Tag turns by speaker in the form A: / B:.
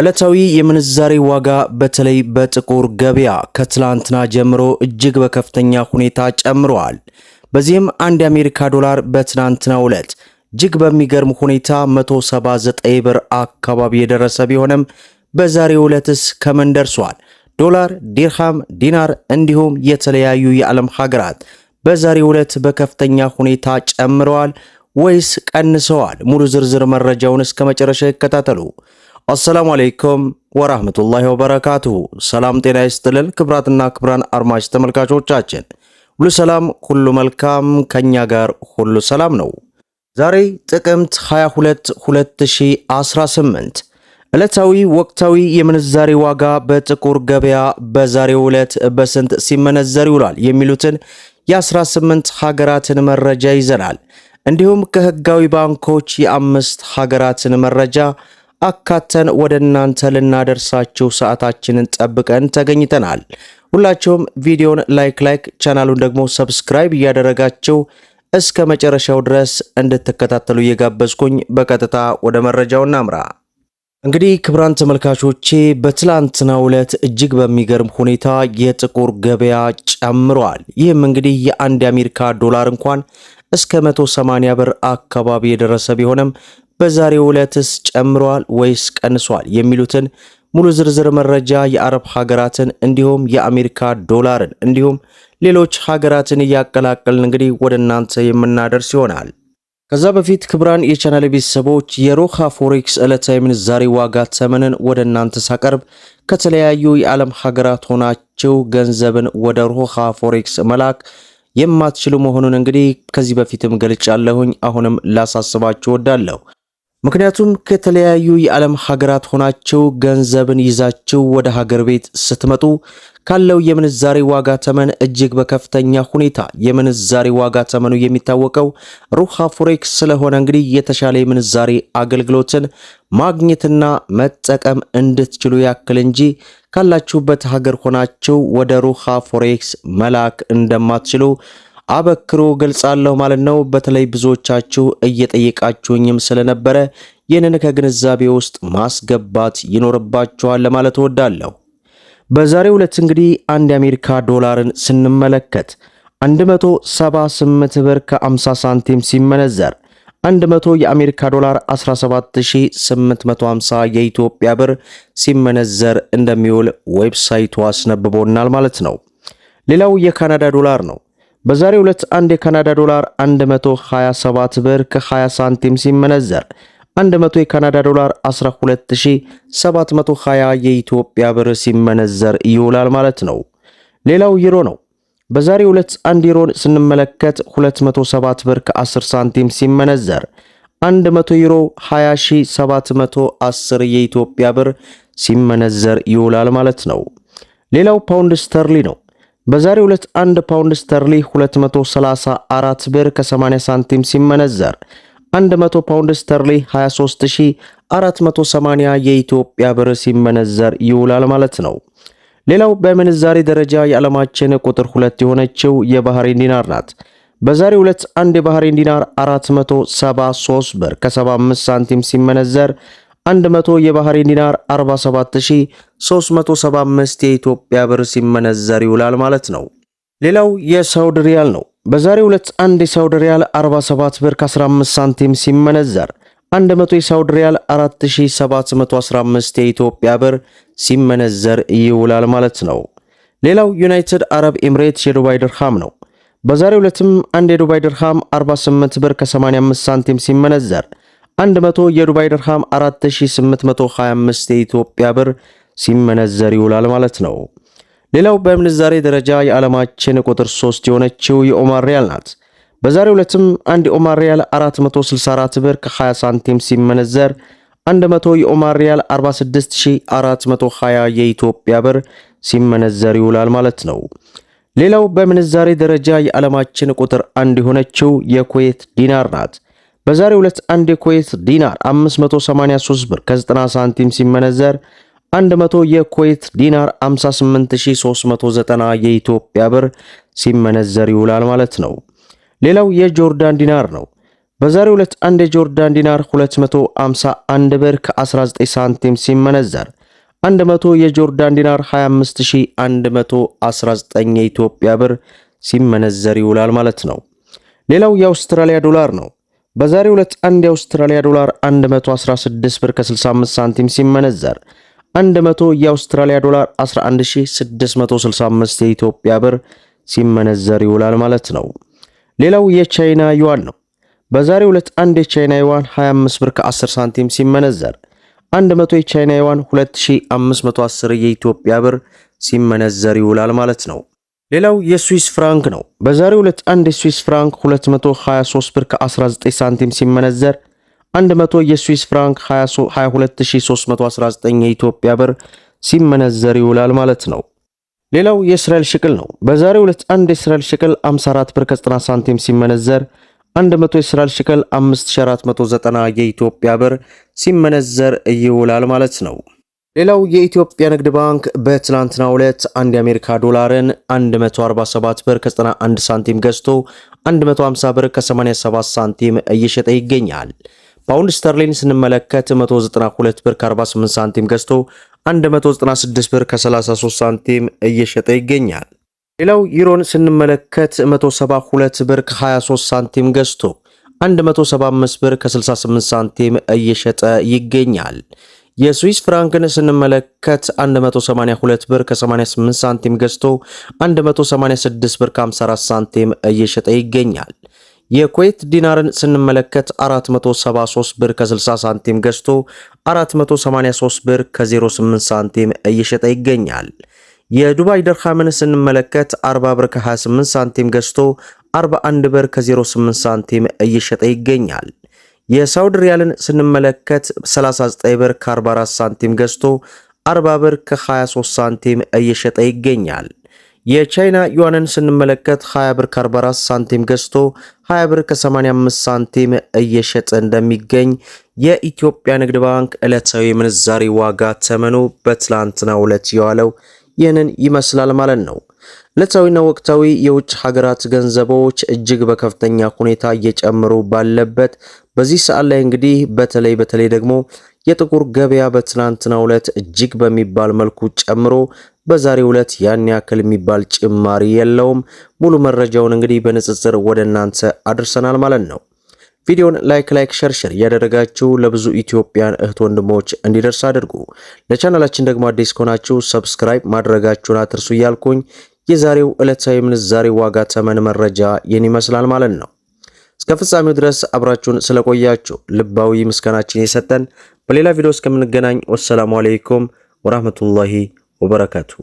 A: ዕለታዊ የምንዛሬ ዋጋ በተለይ በጥቁር ገበያ ከትላንትና ጀምሮ እጅግ በከፍተኛ ሁኔታ ጨምረዋል። በዚህም አንድ የአሜሪካ ዶላር በትናንትናው ዕለት እጅግ በሚገርም ሁኔታ 179 ብር አካባቢ የደረሰ ቢሆንም በዛሬው ዕለትስ ከምን ደርሷል? ዶላር፣ ዲርሃም፣ ዲናር እንዲሁም የተለያዩ የዓለም ሀገራት በዛሬው ዕለት በከፍተኛ ሁኔታ ጨምረዋል ወይስ ቀንሰዋል? ሙሉ ዝርዝር መረጃውን እስከ መጨረሻ ይከታተሉ። አሰላሙ አለይኩም ወራህመቱላሂ ወበረካቱሁ። ሰላም ጤና ይስጥልን ክብራትና ክብራን አድማጭ ተመልካቾቻችን ሁሉ ሰላም ሁሉ መልካም፣ ከኛ ጋር ሁሉ ሰላም ነው። ዛሬ ጥቅምት 22 2018 ዕለታዊ ወቅታዊ የምንዛሬ ዋጋ በጥቁር ገበያ በዛሬው ዕለት በስንት ሲመነዘር ይውላል የሚሉትን የ18 ሀገራትን መረጃ ይዘናል። እንዲሁም ከህጋዊ ባንኮች የአምስት ሀገራትን መረጃ አካተን ወደ እናንተ ልናደርሳችሁ ሰዓታችንን ጠብቀን ተገኝተናል። ሁላችሁም ቪዲዮን ላይክ ላይክ ቻናሉን ደግሞ ሰብስክራይብ እያደረጋችሁ እስከ መጨረሻው ድረስ እንድትከታተሉ እየጋበዝኩኝ በቀጥታ ወደ መረጃው እናምራ። እንግዲህ ክብራን ተመልካቾቼ በትላንትናው ዕለት እጅግ በሚገርም ሁኔታ የጥቁር ገበያ ጨምሯል። ይህም እንግዲህ የአንድ የአሜሪካ ዶላር እንኳን እስከ 180 ብር አካባቢ የደረሰ ቢሆንም በዛሬው ዕለትስ ጨምሯል ወይስ ቀንሷል የሚሉትን ሙሉ ዝርዝር መረጃ የአረብ ሀገራትን እንዲሁም የአሜሪካ ዶላርን እንዲሁም ሌሎች ሀገራትን እያቀላቀልን እንግዲህ ወደ እናንተ የምናደርስ ይሆናል። ከዛ በፊት ክብራን የቻናል ቤተሰቦች የሮሃ ፎሬክስ ዕለታዊ ምንዛሬ ዋጋ ተመንን ወደ እናንተ ሳቀርብ ከተለያዩ የዓለም ሀገራት ሆናችሁ ገንዘብን ወደ ሮሃ ፎሬክስ መላክ የማትችሉ መሆኑን እንግዲህ ከዚህ በፊትም ገልጫለሁኝ። አሁንም ላሳስባችሁ ወዳለሁ። ምክንያቱም ከተለያዩ የዓለም ሀገራት ሆናችሁ ገንዘብን ይዛችሁ ወደ ሀገር ቤት ስትመጡ ካለው የምንዛሬ ዋጋ ተመን እጅግ በከፍተኛ ሁኔታ የምንዛሬ ዋጋ ተመኑ የሚታወቀው ሩሃ ፎሬክስ ስለሆነ እንግዲህ የተሻለ የምንዛሬ አገልግሎትን ማግኘትና መጠቀም እንድትችሉ ያክል እንጂ ካላችሁበት ሀገር ሆናችሁ ወደ ሩሃ ፎሬክስ መላክ እንደማትችሉ አበክሮ ገልጻለሁ ማለት ነው። በተለይ ብዙዎቻችሁ እየጠየቃችሁኝም ስለነበረ ይህንን ከግንዛቤ ውስጥ ማስገባት ይኖርባችኋል ለማለት እወዳለሁ። በዛሬው ዕለት እንግዲህ አንድ የአሜሪካ ዶላርን ስንመለከት 178 ብር ከ50 ሳንቲም ሲመነዘር 100 የአሜሪካ ዶላር 17850 የኢትዮጵያ ብር ሲመነዘር እንደሚውል ዌብሳይቱ አስነብቦናል ማለት ነው። ሌላው የካናዳ ዶላር ነው። በዛሬው ዕለት አንድ የካናዳ ዶላር 127 ብር ከ20 ሳንቲም ሲመነዘር 100 የካናዳ ዶላር 12720 የኢትዮጵያ ብር ሲመነዘር ይውላል ማለት ነው። ሌላው ዩሮ ነው። በዛሬው ዕለት አንድ ዩሮን ስንመለከት 207 ብር ከ10 ሳንቲም ሲመነዘር 100 ዩሮ 20710 የኢትዮጵያ ብር ሲመነዘር ይውላል ማለት ነው። ሌላው ፓውንድ ስተርሊ ነው። በዛሬ ሁለት አንድ ፓውንድ ስተርሊ 234 ብር ከ80 ሳንቲም ሲመነዘር 100 ፓውንድ ስተርሊ 23480 የኢትዮጵያ ብር ሲመነዘር ይውላል ማለት ነው። ሌላው በምንዛሬ ደረጃ የዓለማችን ቁጥር ሁለት የሆነችው የባህሬን ዲናር ናት። በዛሬ ሁለት አንድ የባህሬን ዲናር 473 ብር ከ75 ሳንቲም ሲመነዘር 100 የባህሬን ዲናር 47375 የኢትዮጵያ ብር ሲመነዘር ይውላል ማለት ነው። ሌላው የሳውዲ ሪያል ነው። በዛሬው ዕለት አንድ የሳውዲ ሪያል 47 ብር ከ15 ሳንቲም ሲመነዘር 100 የሳውዲ ሪያል 4715 የኢትዮጵያ ብር ሲመነዘር ይውላል ማለት ነው። ሌላው ዩናይትድ አረብ ኤምሬትስ የዱባይ ድርሃም ነው። በዛሬው ዕለትም አንድ የዱባይ ድርሃም 48 ብር ከ85 ሳንቲም ሲመነዘር 100 የዱባይ ድርሃም 4825 የኢትዮጵያ ብር ሲመነዘር ይውላል ማለት ነው። ሌላው በምንዛሬ ደረጃ የዓለማችን ቁጥር 3 የሆነችው የኦማር ሪያል ናት። በዛሬው ዕለትም አንድ የኦማር ሪያል 464 ብር ከ20 ሳንቲም ሲመነዘር 100 የኦማር ሪያል 46420 የኢትዮጵያ ብር ሲመነዘር ይውላል ማለት ነው። ሌላው በምንዛሬ ደረጃ የዓለማችን ቁጥር አንድ የሆነችው የኩዌት ዲናር ናት። በዛሬ ዕለት አንድ የኩዌት ዲናር 583 ብር ከ90 ሳንቲም ሲመነዘር 100 የኩዌት ዲናር 58390 የኢትዮጵያ ብር ሲመነዘር ይውላል ማለት ነው። ሌላው የጆርዳን ዲናር ነው። በዛሬ ዕለት አንድ የጆርዳን ዲናር 251 ብር ከ19 ሳንቲም ሲመነዘር 100 የጆርዳን ዲናር 25119 የኢትዮጵያ ብር ሲመነዘር ይውላል ማለት ነው። ሌላው የአውስትራሊያ ዶላር ነው። በዛሬው ዕለት አንድ የአውስትራሊያ ዶላር 116 ብር ከ65 ሳንቲም ሲመነዘር 100 የአውስትራሊያ ዶላር 11665 የኢትዮጵያ ብር ሲመነዘር ይውላል ማለት ነው። ሌላው የቻይና ዩዋን ነው። በዛሬው ዕለት አንድ የቻይና ዩዋን 25 ብር ከ10 ሳንቲም ሲመነዘር 100 የቻይና ዩዋን 2510 የኢትዮጵያ ብር ሲመነዘር ይውላል ማለት ነው። ሌላው የስዊስ ፍራንክ ነው። በዛሬው ዕለት አንድ የስዊስ ፍራንክ 223 ብር ከ19 ሳንቲም ሲመነዘር 100 የስዊስ ፍራንክ 22319 የኢትዮጵያ ብር ሲመነዘር ይውላል ማለት ነው። ሌላው የእስራኤል ሽቅል ነው። በዛሬው ዕለት አንድ የእስራኤል ሽቅል 54 ብር ከ90 ሳንቲም ሲመነዘር 100 የእስራኤል ሽቅል 5490 የኢትዮጵያ ብር ሲመነዘር ይውላል ማለት ነው። ሌላው የኢትዮጵያ ንግድ ባንክ በትላንትናው ዕለት አንድ የአሜሪካ ዶላርን 147 ብር ከ91 ሳንቲም ገዝቶ 150 ብር ከ87 ሳንቲም እየሸጠ ይገኛል። ፓውንድ ስተርሊን ስንመለከት 192 ብር ከ48 ሳንቲም ገዝቶ 196 ብር ከ33 ሳንቲም እየሸጠ ይገኛል። ሌላው ዩሮን ስንመለከት 172 ብር ከ23 ሳንቲም ገዝቶ 175 ብር ከ68 ሳንቲም እየሸጠ ይገኛል። የስዊስ ፍራንክን ስንመለከት 182 ብር ከ88 ሳንቲም ገዝቶ 186 ብር ከ54 ሳንቲም እየሸጠ ይገኛል። የኩዌት ዲናርን ስንመለከት 473 ብር ከ60 ሳንቲም ገዝቶ 483 ብር ከ08 ሳንቲም እየሸጠ ይገኛል። የዱባይ ደርሃምን ስንመለከት 40 ብር ከ28 ሳንቲም ገዝቶ 41 ብር ከ08 ሳንቲም እየሸጠ ይገኛል። የሳውዲ ሪያልን ስንመለከት 39 ብር ከ44 ሳንቲም ገዝቶ 40 ብር ከ23 ሳንቲም እየሸጠ ይገኛል። የቻይና ዩዋንን ስንመለከት 20 ብር ከ44 ሳንቲም ገዝቶ 20 ብር ከ85 ሳንቲም እየሸጠ እንደሚገኝ የኢትዮጵያ ንግድ ባንክ ዕለታዊ ምንዛሪ ዋጋ ተመኑ በትላንትናው ዕለት የዋለው ይህንን ይመስላል ማለት ነው። ዕለታዊና ወቅታዊ የውጭ ሀገራት ገንዘቦች እጅግ በከፍተኛ ሁኔታ እየጨመሩ ባለበት በዚህ ሰዓት ላይ እንግዲህ በተለይ በተለይ ደግሞ የጥቁር ገበያ በትናንትናው ዕለት እጅግ በሚባል መልኩ ጨምሮ በዛሬ ዕለት ያን ያክል የሚባል ጭማሪ የለውም። ሙሉ መረጃውን እንግዲህ በንጽጽር ወደ እናንተ አድርሰናል ማለት ነው። ቪዲዮን ላይክ ላይክ ሸርሸር እያደረጋችሁ ለብዙ ኢትዮጵያን እህት ወንድሞች እንዲደርስ አድርጉ። ለቻናላችን ደግሞ አዲስ ከሆናችሁ ሰብስክራይብ ማድረጋችሁን አትርሱ እያልኩኝ የዛሬው ዕለታዊ ምንዛሬ ዋጋ ተመን መረጃ ይህን ይመስላል ማለት ነው። እስከ ፍጻሜው ድረስ አብራችሁን ስለቆያችሁ ልባዊ ምስጋናችን የሰጠን። በሌላ ቪዲዮ እስከምንገናኝ ወሰላሙ አሌይኩም ወራህመቱላሂ ወበረካቱ።